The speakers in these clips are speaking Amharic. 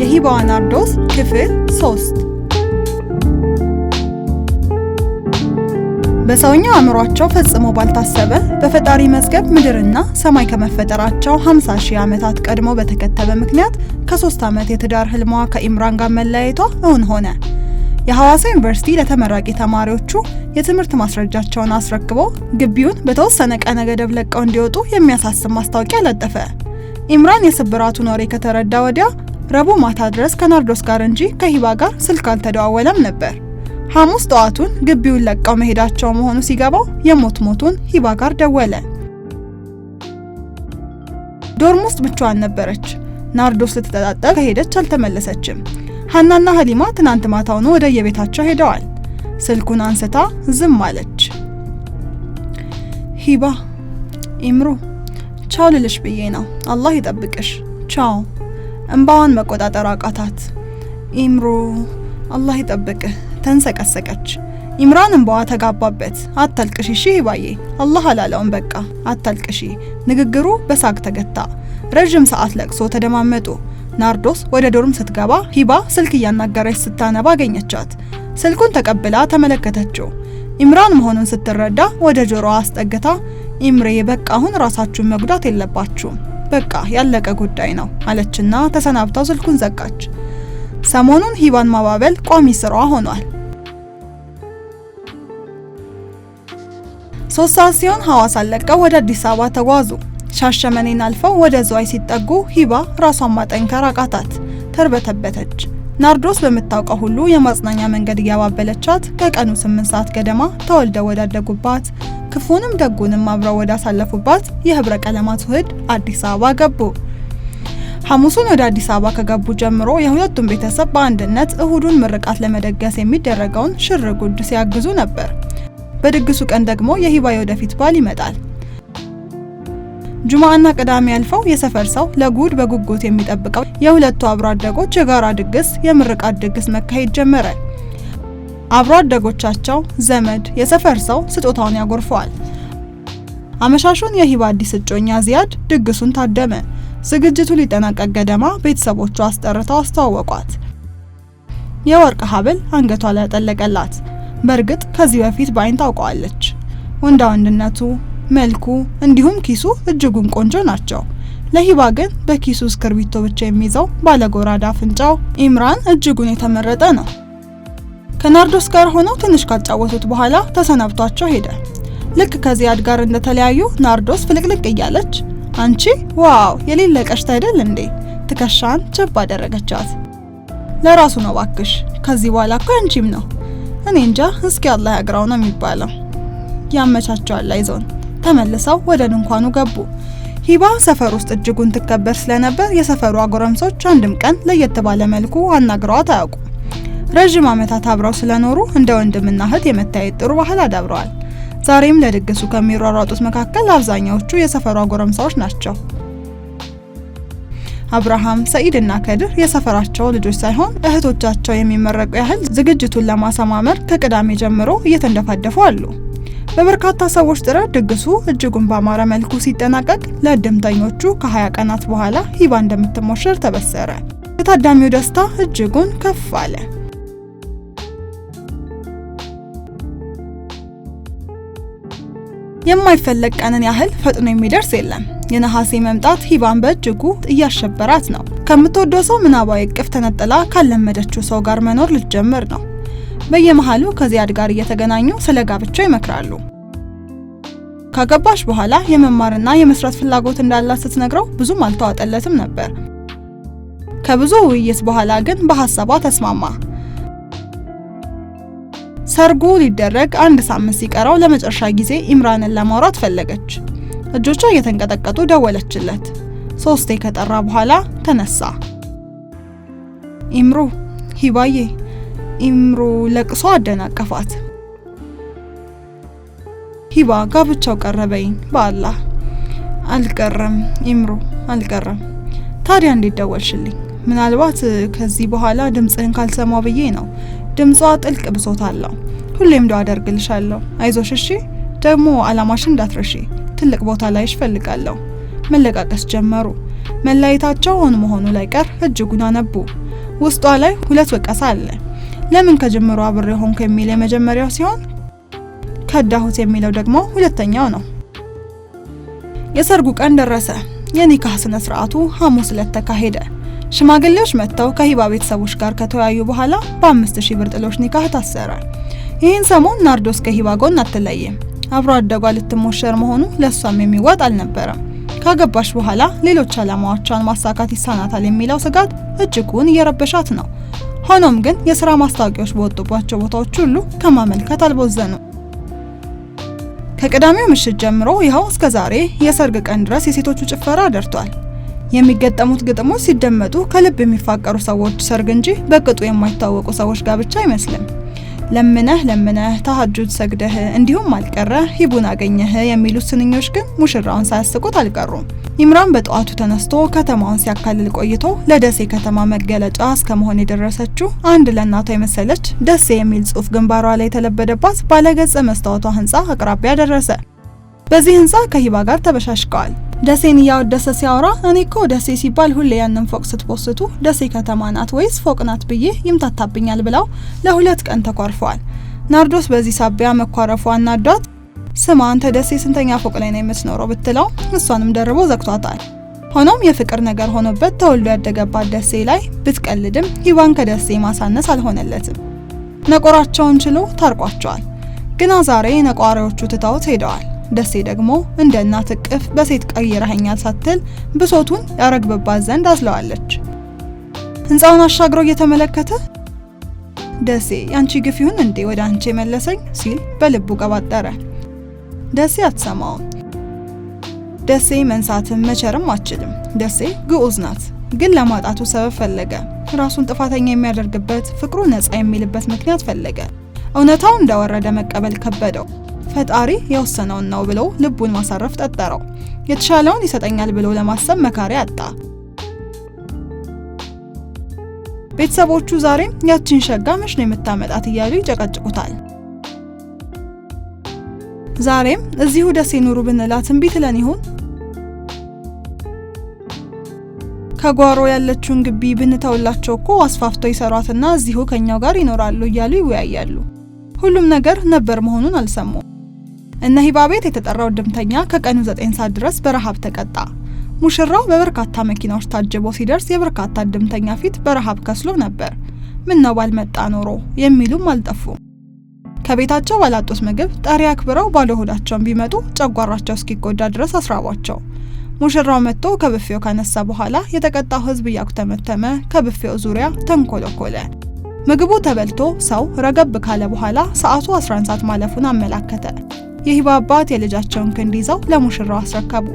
የሂባዋ ናርዶስ ክፍል 3 በሰውኛው አእምሯቸው ፈጽሞ ባልታሰበ በፈጣሪ መዝገብ ምድርና ሰማይ ከመፈጠራቸው 50 ሺህ ዓመታት ቀድሞ በተከተበ ምክንያት ከሶስት ዓመት የትዳር ህልሟ ከኢምራን ጋር መለያየቷ እውን ሆነ። የሐዋሳ ዩኒቨርሲቲ ለተመራቂ ተማሪዎቹ የትምህርት ማስረጃቸውን አስረክበው ግቢውን በተወሰነ ቀነ ገደብ ለቀው እንዲወጡ የሚያሳስብ ማስታወቂያ ለጠፈ። ኢምራን የስብራቱን ወሬ ከተረዳ ወዲያ ረቡዕ ማታ ድረስ ከናርዶስ ጋር እንጂ ከሂባ ጋር ስልክ አልተደዋወለም ነበር። ሐሙስ ጠዋቱን ግቢውን ለቀው መሄዳቸው መሆኑ ሲገባው የሞት ሞቱን ሂባ ጋር ደወለ። ዶርም ውስጥ ብቻዋን ነበረች። ናርዶስ ልትጠጣጠር ከሄደች አልተመለሰችም። ሀናና ሀሊማ ትናንት ማታውኑ ወደ የቤታቸው ሄደዋል። ስልኩን አንስታ ዝም አለች። ሂባ ኢምሩ ቻው ልልሽ ብዬ ነው። አላህ ይጠብቅሽ። ቻው እንባዋን መቆጣጠር አቃታት። ኢምሮ አላህ ይጠብቅህ ተንሰቀሰቀች። ኢምራን እንባዋ ተጋባበት። አታልቅሽ እሺ ባዬ አላህ አላለውን በቃ አታልቅሺ። ንግግሩ በሳቅ ተገታ። ረዥም ሰዓት ለቅሶ ተደማመጡ። ናርዶስ ወደ ዶርም ስትገባ ሂባ ስልክ እያናገረች ስታነባ አገኘቻት። ስልኩን ተቀብላ ተመለከተችው። ኢምራን መሆኑን ስትረዳ ወደ ጆሮዋ አስጠግታ ኢምሬ በቃ አሁን ራሳችሁን መጉዳት የለባችሁም በቃ ያለቀ ጉዳይ ነው አለችና ተሰናብታው ስልኩን ዘጋች። ሰሞኑን ሂባን ማባበል ቋሚ ስራዋ ሆኗል። ሶስት ሰዓት ሲሆን ሐዋሳን ለቀው ወደ አዲስ አበባ ተጓዙ። ሻሸመኔን አልፈው ወደ ዝዋይ ሲጠጉ ሂባ ራሷን ማጠንከር አቃታት፣ ተርበተበተች። ናርዶስ በምታውቀው ሁሉ የማጽናኛ መንገድ እያባበለቻት ከቀኑ ስምንት ሰዓት ገደማ ተወልደው ወዳደጉባት ክፉንም ደጉንም አብረው ወዳሳለፉባት የህብረ ቀለማት ውህድ አዲስ አበባ ገቡ። ሐሙሱን ወደ አዲስ አበባ ከገቡ ጀምሮ የሁለቱም ቤተሰብ በአንድነት እሁዱን ምርቃት ለመደገስ የሚደረገውን ሽር ጉድ ሲያግዙ ነበር። በድግሱ ቀን ደግሞ የሂባይ ወደፊት ባል ይመጣል። ጁማና ቅዳሜ ያልፈው የሰፈር ሰው ለጉድ በጉጉት የሚጠብቀው የሁለቱ አብሮ አደጎች የጋራ ድግስ የምርቃት ድግስ መካሄድ ጀመረ። አብሮ አደጎቻቸው፣ ዘመድ፣ የሰፈር ሰው ስጦታውን ያጎርፈዋል። አመሻሹን የሂባ አዲስ እጮኛ ዚያድ ድግሱን ታደመ። ዝግጅቱ ሊጠናቀቅ ገደማ ቤተሰቦቿ አስጠርተው አስተዋወቋት። የወርቅ ሀብል አንገቷ ላይ ያጠለቀላት። በእርግጥ ከዚህ በፊት በአይን ታውቀዋለች። ወንዳ ወንድነቱ መልኩ እንዲሁም ኪሱ እጅጉን ቆንጆ ናቸው። ለሂባ ግን በኪሱ እስክርቢቶ ብቻ የሚይዘው ባለጎራዳ አፍንጫው ኢምራን እጅጉን የተመረጠ ነው። ከናርዶስ ጋር ሆነው ትንሽ ካጫወቱት በኋላ ተሰናብቷቸው ሄደ። ልክ ከዚያድ ጋር እንደተለያዩ ናርዶስ ፍልቅልቅ እያለች አንቺ ዋው የሌለ ቀሽት አይደል እንዴ? ትከሻን ችብ አደረገቻት። ለራሱ ነው ባክሽ፣ ከዚህ በኋላ እኮ አንቺም ነው። እኔ እንጃ፣ እስኪ አላህ ያግራው ነው የሚባለው። ያመቻቸዋል አይዞን ተመልሰው ወደ ድንኳኑ ገቡ። ሂባ ሰፈር ውስጥ እጅጉን ትከበር ስለነበር የሰፈሩ አጎረምሶች አንድም ቀን ለየት ባለ መልኩ አናግረዋት አያውቁ። ረዥም ዓመታት አብረው ስለኖሩ እንደ ወንድምና እህት የመታየት ጥሩ ባህል አዳብረዋል። ዛሬም ለድግሱ ከሚሯሯጡት መካከል አብዛኛዎቹ የሰፈሩ አጎረምሳዎች ናቸው። አብርሃም፣ ሰኢድ እና ከድር የሰፈራቸው ልጆች ሳይሆን እህቶቻቸው የሚመረቁ ያህል ዝግጅቱን ለማሰማመር ከቅዳሜ ጀምሮ እየተንደፋደፉ አሉ። በበርካታ ሰዎች ጥረት ድግሱ እጅጉን ባማረ መልኩ ሲጠናቀቅ ለእድምተኞቹ ከ20 ቀናት በኋላ ሂባ እንደምትሞሸር ተበሰረ። የታዳሚው ደስታ እጅጉን ከፍ አለ። የማይፈለግ ቀንን ያህል ፈጥኖ የሚደርስ የለም። የነሐሴ መምጣት ሂባን በእጅጉ እያሸበራት ነው። ከምትወደው ሰው ምናባዊ እቅፍ ተነጥላ ካለመደችው ሰው ጋር መኖር ልትጀምር ነው። በየመሃሉ ከዚያድ ጋር እየተገናኙ ስለ ጋብቻ ይመክራሉ። ካገባሽ በኋላ የመማርና የመስራት ፍላጎት እንዳላት ስትነግረው ብዙም አልተዋጠለትም ነበር። ከብዙ ውይይት በኋላ ግን በሐሳቧ ተስማማ። ሰርጉ ሊደረግ አንድ ሳምንት ሲቀረው ለመጨረሻ ጊዜ ኢምራንን ለማውራት ፈለገች። እጆቿ እየተንቀጠቀጡ ደወለችለት። ሶስቴ ከጠራ በኋላ ተነሳ። ኢምሩ ሂባዬ ኢምሮ ለቅሶ አደናቀፋት። ሂባ ጋብቻው ቀረበኝ በአላህ አልቀረም። ኢምሮ አልቀረም። ታዲያ እንዴት ደወልሽልኝ? ምናልባት ከዚህ በኋላ ድምፅህን ካልሰማ ብዬ ነው። ድምጿ ጥልቅ ብሶት አለው። ሁሌም ዶ አደርግልሻለሁ። አይዞሽ እሺ። ደግሞ አላማሽን እንዳትረሺ። ትልቅ ቦታ ላይ ፈልጋለሁ። መለቃቀስ ጀመሩ። መለያየታቸው ሆን መሆኑ ላይ ቀር እጅጉን አነቡ። ውስጧ ላይ ሁለት ወቀሳ አለ። ለምን ከጅምሮ አብሬ ሆንኩ የሚል የመጀመሪያው ሲሆን ከዳሁት የሚለው ደግሞ ሁለተኛው ነው። የሰርጉ ቀን ደረሰ። የኒካህ ስነ ስርዓቱ ሐሙስ ዕለት ተካሄደ። ሽማግሌዎች መጥተው ከሂባ ቤተሰቦች ጋር ከተወያዩ በኋላ በአምስት ሺህ ብር ጥሎሽ ኒካህ ታሰረ። ይህን ሰሞን ናርዶስ ከሂባ ጎን አትለይም። አብሮ አደጓ ልትሞሸር መሆኑ ለእሷም የሚዋጥ አልነበረም። ካገባሽ በኋላ ሌሎች ዓላማዎቿን ማሳካት ይሳናታል የሚለው ስጋት እጅጉን እየረበሻት ነው። ሆኖም ግን የስራ ማስታወቂያዎች በወጡባቸው ቦታዎች ሁሉ ከማመልከት አልቦዘኑም። ከቅዳሜው ምሽት ጀምሮ ይኸው እስከ ዛሬ የሰርግ ቀን ድረስ የሴቶቹ ጭፈራ ደርቷል። የሚገጠሙት ግጥሞች ሲደመጡ ከልብ የሚፋቀሩ ሰዎች ሰርግ እንጂ በቅጡ የማይታወቁ ሰዎች ጋብቻ አይመስልም። ለምነህ ለምነህ ተሐጁድ ሰግደህ እንዲሁም አልቀረ ሂቡን አገኘህ የሚሉት ስንኞች ግን ሙሽራውን ሳያስቁት አልቀሩም። ኢምራን በጠዋቱ ተነስቶ ከተማውን ሲያካልል ቆይቶ ለደሴ ከተማ መገለጫ እስከ መሆን የደረሰችው አንድ ለእናቷ የመሰለች ደሴ የሚል ጽሑፍ ግንባሯ ላይ የተለበደባት ባለገጸ መስታወቷ ህንፃ አቅራቢያ ደረሰ። በዚህ ህንፃ ከሂባ ጋር ተበሻሽቀዋል። ደሴን እያወደሰ ሲያወራ እኔ እኮ ደሴ ሲባል ሁሌ ያንን ፎቅ ስትፖስቱ ደሴ ከተማ ናት ወይስ ፎቅ ናት ብዬ ይምታታብኛል ብለው ለሁለት ቀን ተኳርፈዋል። ናርዶስ በዚህ ሳቢያ መኳረፏ አናዷት ስማ አንተ ደሴ ስንተኛ ፎቅ ላይ ነው የምትኖረው ብትለው እሷንም ደርቦ ዘግቷታል። ሆኖም የፍቅር ነገር ሆኖበት ተወልዶ ያደገባት ደሴ ላይ ብትቀልድም ሂዋን ከደሴ ማሳነስ አልሆነለትም። ነቆራቸውን ችሎ ታርቋቸዋል። ግና ዛሬ ነቋሪዎቹ ትተውት ሄደዋል። ደሴ ደግሞ እንደ እናት እቅፍ በሴት ቀይረኸኛ ሳትል ብሶቱን ያረግብባት ዘንድ አስለዋለች። ህንፃውን አሻግሮ እየተመለከተ ደሴ ያንቺ ግፍ ይሁን እንዴ ወደ አንቺ የመለሰኝ ሲል በልቡ ቀባጠረ። ደሴ አትሰማውም። ደሴ መንሳትም መቸርም አትችልም። ደሴ ግዑዝ ናት። ግን ለማጣቱ ሰበብ ፈለገ። ራሱን ጥፋተኛ የሚያደርግበት ፍቅሩ ነፃ የሚልበት ምክንያት ፈለገ። እውነታው እንደወረደ መቀበል ከበደው። ፈጣሪ የወሰነውን ነው ብሎ ልቡን ማሳረፍ ጠጠረው። የተሻለውን ይሰጠኛል ብሎ ለማሰብ መካሪ አጣ። ቤተሰቦቹ ዛሬም ያችን ሸጋ መች ነው የምታመጣት እያሉ ይጨቀጭቁታል። ዛሬም እዚሁ ደሴ ኑሩ ብንላት እምቢ ትለን ይሆን? ከጓሮ ያለችውን ግቢ ብንተውላቸው እኮ አስፋፍተው ይሰሯትና እዚሁ ከኛው ጋር ይኖራሉ እያሉ ይወያያሉ። ሁሉም ነገር ነበር መሆኑን አልሰሙም። እነ ሂባ ቤት የተጠራው እድምተኛ ከቀኑ 9 ሰዓት ድረስ በረሃብ ተቀጣ። ሙሽራው በበርካታ መኪናዎች ታጅቦ ሲደርስ የበርካታ እድምተኛ ፊት በረሃብ ከስሎ ነበር። ምን ነው ባልመጣ ኖሮ የሚሉም አልጠፉም። ከቤታቸው ባላጡት ምግብ ጠሪ አክብረው ባዶ ሆዳቸውን ቢመጡ ጨጓራቸው እስኪጎዳ ድረስ አስራቧቸው። ሙሽራው መጥቶ ከብፌው ካነሳ በኋላ የተቀጣው ሕዝብ እያኩተመተመ ከብፌው ዙሪያ ተንኮለኮለ። ምግቡ ተበልቶ ሰው ረገብ ካለ በኋላ ሰዓቱ 11 ሰዓት ማለፉን አመላከተ። የሂባ አባት የልጃቸውን ክንድ ይዘው ለሙሽራው አስረከቡ።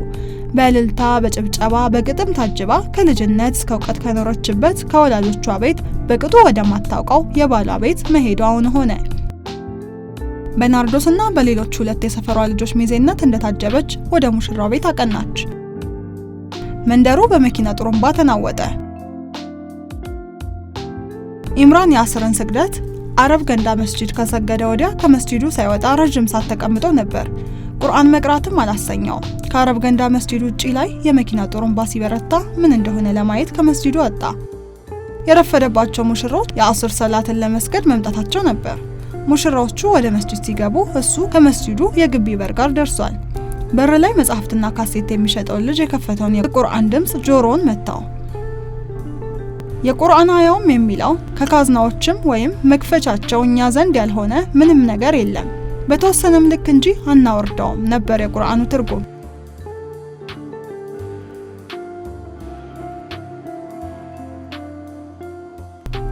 በእልልታ በጭብጨባ በግጥም ታጅባ ከልጅነት እስከ እውቀት ከኖረችበት ከወላጆቿ ቤት በቅጡ ወደማታውቀው የባሏ ቤት መሄዷ አሁን ሆነ። በናርዶስና በሌሎች ሁለት የሰፈሯ ልጆች ሚዜነት እንደታጀበች ወደ ሙሽራው ቤት አቀናች። መንደሩ በመኪና ጥሩምባ ተናወጠ። ኢምራን የአስርን ስግደት አረብ ገንዳ መስጂድ ከሰገደ ወዲያ ከመስጂዱ ሳይወጣ ረዥም ሰዓት ተቀምጦ ነበር። ቁርአን መቅራትም አላሰኘው። ከአረብ ገንዳ መስጂድ ውጪ ላይ የመኪና ጡሩምባ ሲበረታ ምን እንደሆነ ለማየት ከመስጂዱ ወጣ። የረፈደባቸው ሙሽሮች የአስር ሰላትን ለመስገድ መምጣታቸው ነበር። ሙሽራዎቹ ወደ መስጂድ ሲገቡ እሱ ከመስጂዱ የግቢ በር ጋር ደርሷል። በር ላይ መጽሐፍትና ካሴት የሚሸጠውን ልጅ የከፈተውን የቁርአን ድምፅ ጆሮውን መታው። የቁርአን አያውም የሚለው ከካዝናዎችም ወይም መክፈቻቸው እኛ ዘንድ ያልሆነ ምንም ነገር የለም በተወሰነም ልክ እንጂ አናወርደውም ነበር የቁርአኑ ትርጉም።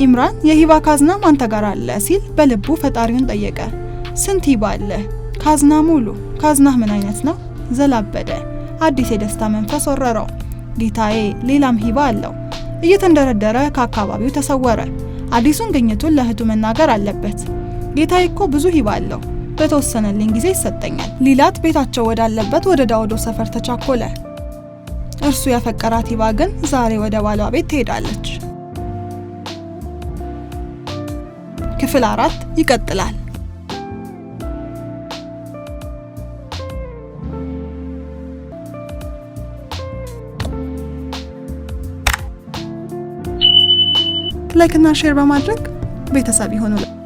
ኢምራን የሂባ ካዝና ማንተ ጋር አለ ሲል በልቡ ፈጣሪውን ጠየቀ። ስንት ሂባ አለ? ካዝና ሙሉ። ካዝናህ ምን አይነት ነው? ዘላበደ። አዲስ የደስታ መንፈስ ወረረው። ጌታዬ ሌላም ሂባ አለው እየተንደረደረ ከአካባቢው ተሰወረ። አዲሱን ግኝቱን ለእህቱ መናገር አለበት። ጌታዬ እኮ ብዙ ሂባ አለው፣ በተወሰነልኝ ጊዜ ይሰጠኛል ሊላት ቤታቸው ወዳለበት ወደ ዳውዶ ሰፈር ተቻኮለ። እርሱ ያፈቀራት ሂባ ግን ዛሬ ወደ ባሏ ቤት ትሄዳለች። ክፍል አራት ይቀጥላል። እና ሼር በማድረግ ቤተሰብ ይሆኑ።